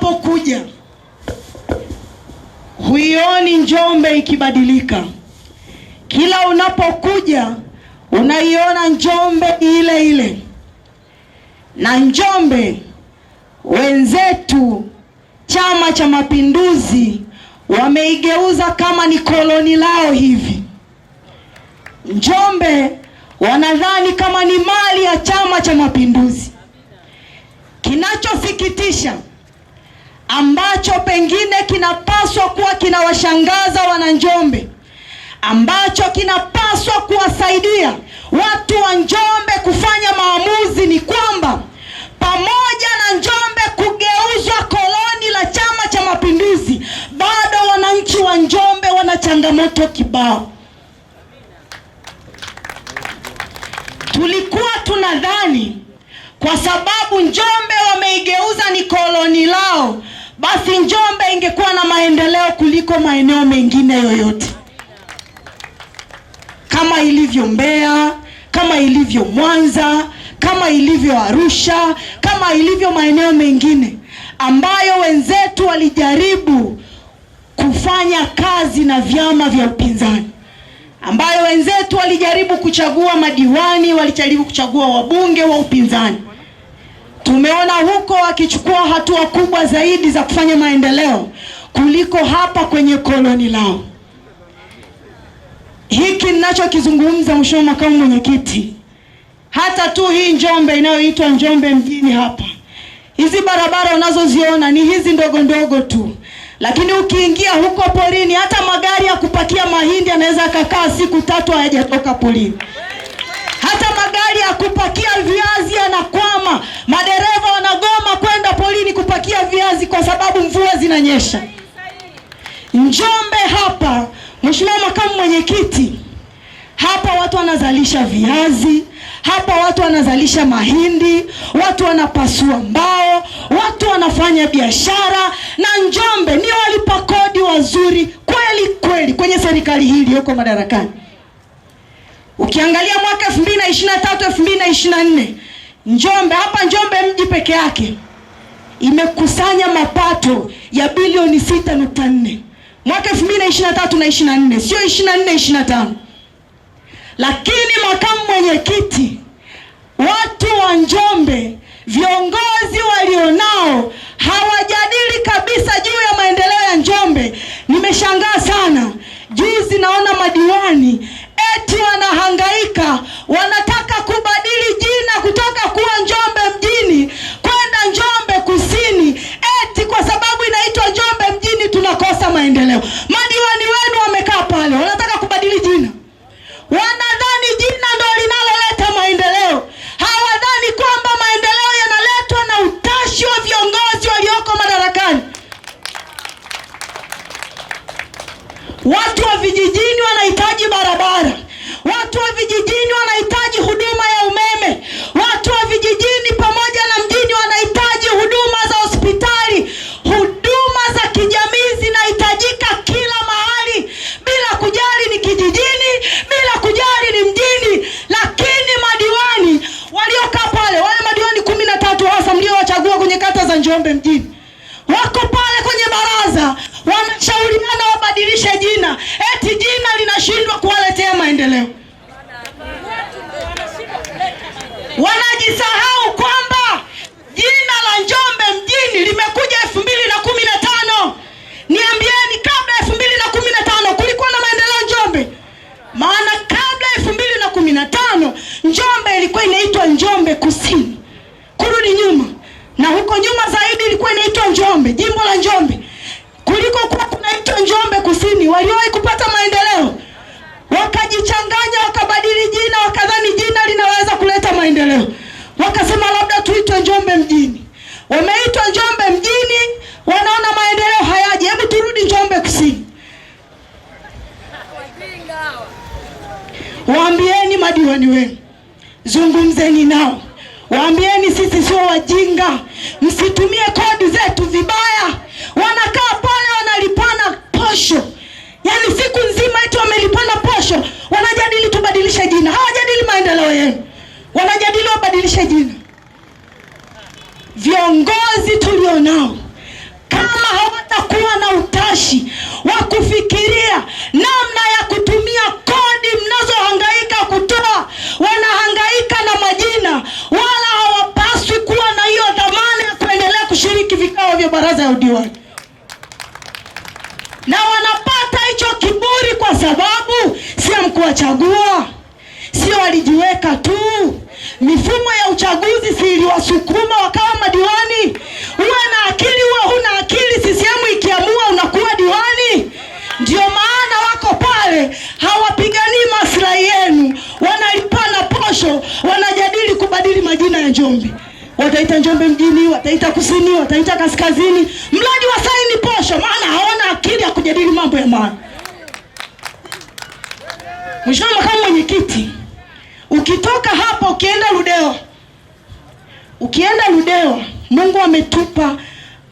unapokuja huioni Njombe ikibadilika. Kila unapokuja unaiona Njombe ile ile, na Njombe wenzetu Chama cha Mapinduzi wameigeuza kama ni koloni lao hivi. Njombe wanadhani kama ni mali ya Chama cha Mapinduzi. Kinachosikitisha ambacho pengine kinapaswa kuwa kinawashangaza Wananjombe, ambacho kinapaswa kuwasaidia watu wa Njombe kufanya maamuzi ni kwamba pamoja na Njombe kugeuzwa koloni la Chama cha Mapinduzi, bado wananchi wa Njombe wana changamoto kibao. Tulikuwa tunadhani kwa sababu Njombe wameigeuza ni koloni lao basi Njombe ingekuwa na maendeleo kuliko maeneo mengine yoyote, kama ilivyo Mbeya, kama ilivyo Mwanza, kama ilivyo Arusha, kama ilivyo maeneo mengine ambayo wenzetu walijaribu kufanya kazi na vyama vya upinzani, ambayo wenzetu walijaribu kuchagua madiwani, walijaribu kuchagua wabunge wa upinzani Tumeona huko wakichukua hatua kubwa zaidi za kufanya maendeleo kuliko hapa kwenye koloni lao. Hiki ninachokizungumza, Mheshimiwa Makamu Mwenyekiti, hata tu hii Njombe inayoitwa Njombe mjini hapa, hizi barabara unazoziona ni hizi ndogo ndogo tu, lakini ukiingia huko porini, hata magari ya kupakia mahindi yanaweza akakaa siku tatu hayajatoka porini magari ya kupakia viazi yanakwama, madereva wanagoma kwenda polini kupakia viazi kwa sababu mvua zinanyesha. Njombe hapa, Mheshimiwa Makamu Mwenyekiti, hapa watu wanazalisha viazi, hapa watu wanazalisha mahindi, watu wanapasua mbao, watu wanafanya biashara, na Njombe ndio walipa kodi wazuri kweli kweli kwenye serikali hii iliyoko madarakani. Ukiangalia mwaka 2023 2024, Njombe hapa Njombe mji peke yake imekusanya mapato ya bilioni 6.4 mwaka 2023 na 24, sio 24 25. Lakini makamu mwenyekiti, watu wa Njombe, viongozi walionao hawajadili kabisa juu ya maendeleo ya Njombe. Nimeshangaa sana juzi, naona madiwani wetu wanahangaika, wanataka kubadili yao. Waambieni sisi sio wajinga, msitumie kodi zetu vibaya. Wanakaa pale wanalipana posho, yaani siku nzima eti wamelipana posho. Wanajadili tubadilishe jina, hawajadili maendeleo yenu, wanajadili wabadilishe jina. Viongozi tulionao kama hawatakuwa na utashi wa kufikiria namna ya kutumia kodi ya udiwani, na wanapata hicho kiburi kwa sababu si amkuwachagua, sio walijiweka tu. Mifumo ya uchaguzi si iliwasukuma wakawa madiwani. Uwe na akili huwa huna akili, CCM ikiamua unakuwa diwani. Ndio maana wako pale, hawapiganii maslahi yenu, wanalipana posho, wanajadili kubadili majina ya Njombe wataita Njombe mjini, wataita kusini, wataita kaskazini, mradi wa saini posho, maana hawana akili ya kujadili mambo ya maana. Mheshimiwa Makamu Mwenyekiti, ukitoka hapa ukienda Ludewa, ukienda Ludewa, Mungu ametupa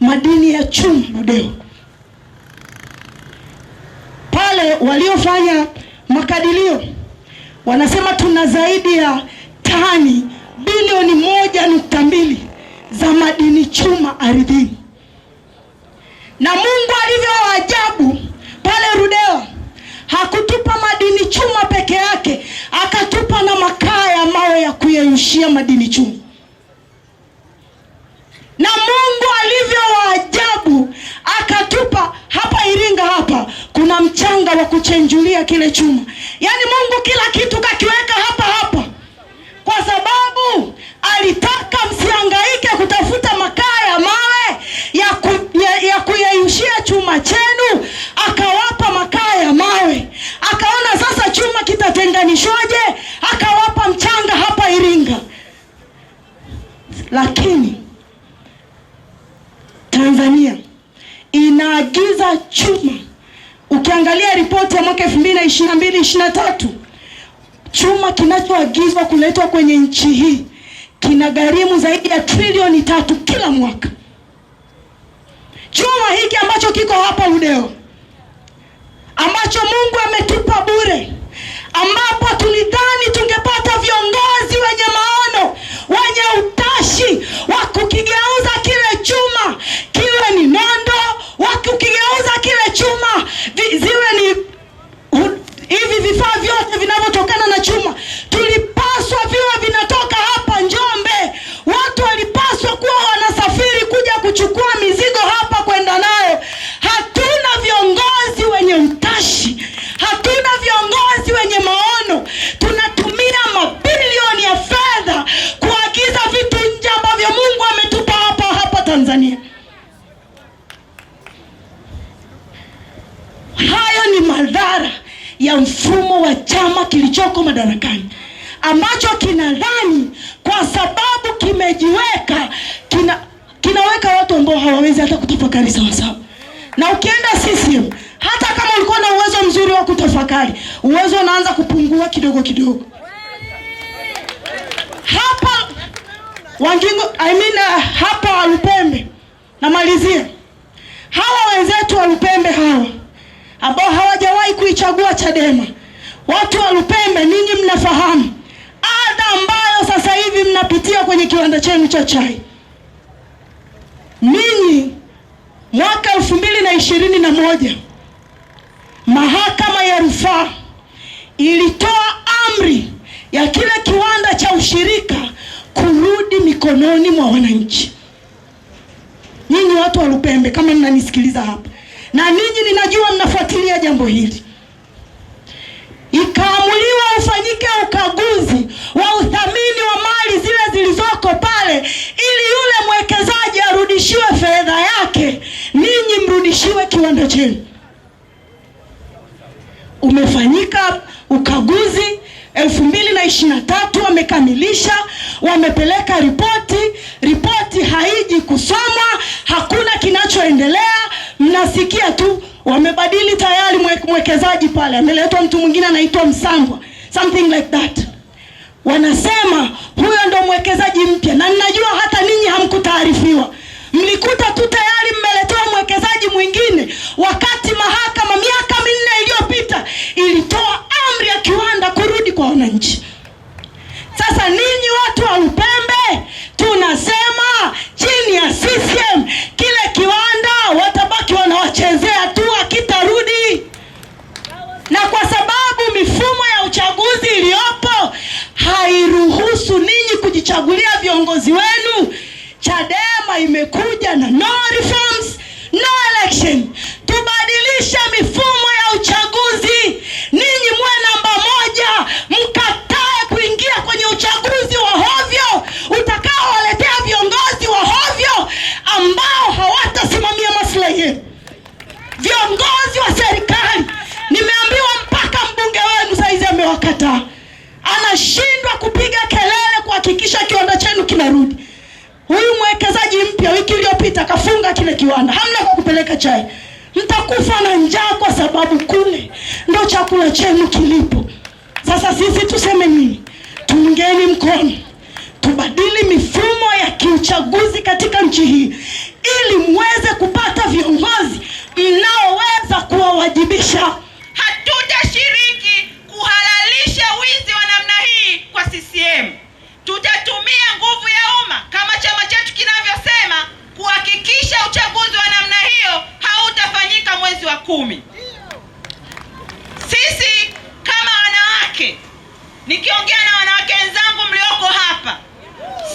madini ya chuma Ludewa pale, waliofanya makadirio wanasema tuna zaidi ya tani bilioni moja nukta mbili za madini chuma ardhini, na Mungu alivyo waajabu pale Rudewa, hakutupa madini chuma peke yake, akatupa na makaa ya mawe ya kuyeyushia madini chuma. Na Mungu alivyo waajabu akatupa hapa Iringa, hapa kuna mchanga wa kuchenjulia kile chuma, yaani Mungu kila kitu kakiweka hapa kwa sababu alitaka msihangaike kutafuta makaa ya mawe ya, kuyeyushia chuma chenu, akawapa makaa ya mawe. Akaona sasa chuma kitatenganishwaje, akawapa mchanga hapa Iringa, lakini Tanzania inaagiza chuma. Ukiangalia ripoti ya mwaka 2022 23 Chuma kinachoagizwa kuletwa kwenye nchi hii kina gharimu zaidi ya trilioni tatu kila mwaka. Chuma hiki ambacho kiko hapa Ludewa madarakani, ambacho kinadhani kwa sababu kimejiweka kina, kinaweka watu ambao hawawezi hata kutafakari sawasawa. Na ukienda CCM, hata kama ulikuwa na uwezo mzuri wa kutafakari, uwezo unaanza kupungua kidogo kidogo. Hapa Wangingo, I mean, uh, hapa Walupembe namalizia hawa wenzetu Walupembe hawa ambao hawajawahi kuichagua Chadema watu mnafahamu ada ambayo sasa hivi mnapitia kwenye kiwanda chenu cha chai. Ninyi mwaka elfu mbili na ishirini na moja mahakama ya rufaa ilitoa amri ya kile kiwanda cha ushirika kurudi mikononi mwa wananchi. Nyinyi watu wa Lupembe, kama mnanisikiliza hapa, na ninyi ninajua mnafuatilia jambo hili ukiwa kiwanda chenu umefanyika ukaguzi elfu mbili na ishirini na tatu wamekamilisha, wamepeleka ripoti. Ripoti haiji kusoma hakuna kinachoendelea, mnasikia tu wamebadili tayari mwekezaji pale, ameletwa mtu mwingine anaitwa Msangwa, something like that. Wanasema huyo ndo mwekezaji mpya, na ninajua hata ninyi hamkutaarifiwa mlikuta tu tayari mmeletewa mwekezaji mwingine, wakati mahakama miaka minne iliyopita ilitoa amri ya kiwanda kurudi kwa wananchi. Sasa ninyi watu wa Upembe tunasema chini ya CCM kile kiwanda watabaki wanawachezea tu, akitarudi Na kwa sababu mifumo ya uchaguzi iliyopo hairuhusu ninyi kujichagulia viongozi wenu Chadema imekuja na no reforms, no election, tubadilisha mifumo na njaa kwa sababu kule ndo chakula chenu kilipo. Sasa sisi tuseme nini? Tuungeni mkono tubadili mifumo ya kiuchaguzi katika nchi hii ili mweze kupata viongozi mnaoweza kuwawajibisha. Hatutashiriki kuhalalisha wizi wa namna hii kwa CCM. Tutatumia nguvu ya umma kama chama chetu kinavyosema. kumi. Sisi kama wanawake, nikiongea na wanawake wenzangu mlioko hapa,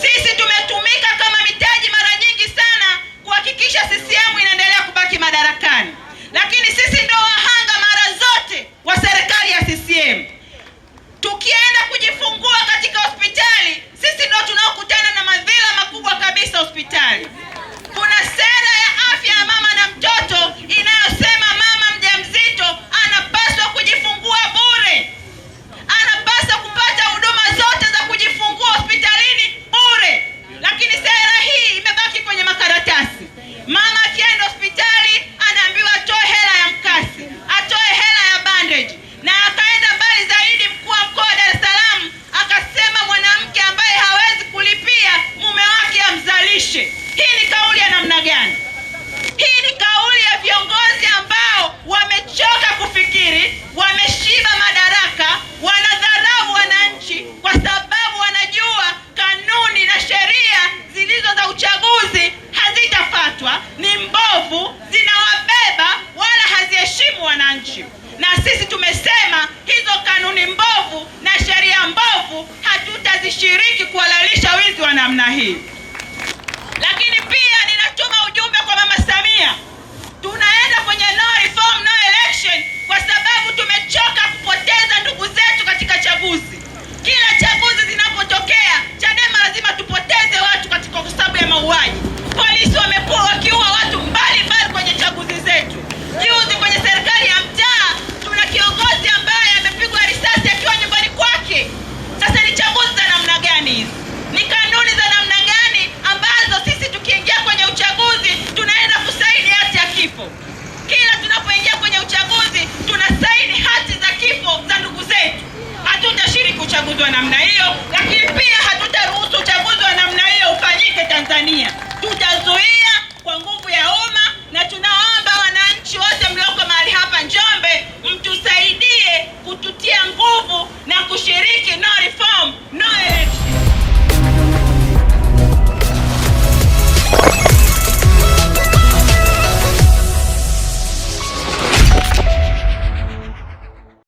sisi tumetumika kama mitaji mara nyingi sana kuhakikisha CCM inaendelea kubaki madarakani, lakini sisi ndio wahanga mara zote wa serikali ya CCM. wananchi, na sisi tumesema hizo kanuni mbovu na sheria mbovu hatutazishiriki kuhalalisha wizi wa namna hii. Lakini pia ninatuma ujumbe kwa Mama Samia, tunaenda kwenye no reform, no election kwa sababu tumechoka kupoteza ndugu zetu katika chaguzi. Kila chaguzi zinapotokea, Chadema lazima tupoteze watu katika kwa sababu ya mauaji polisi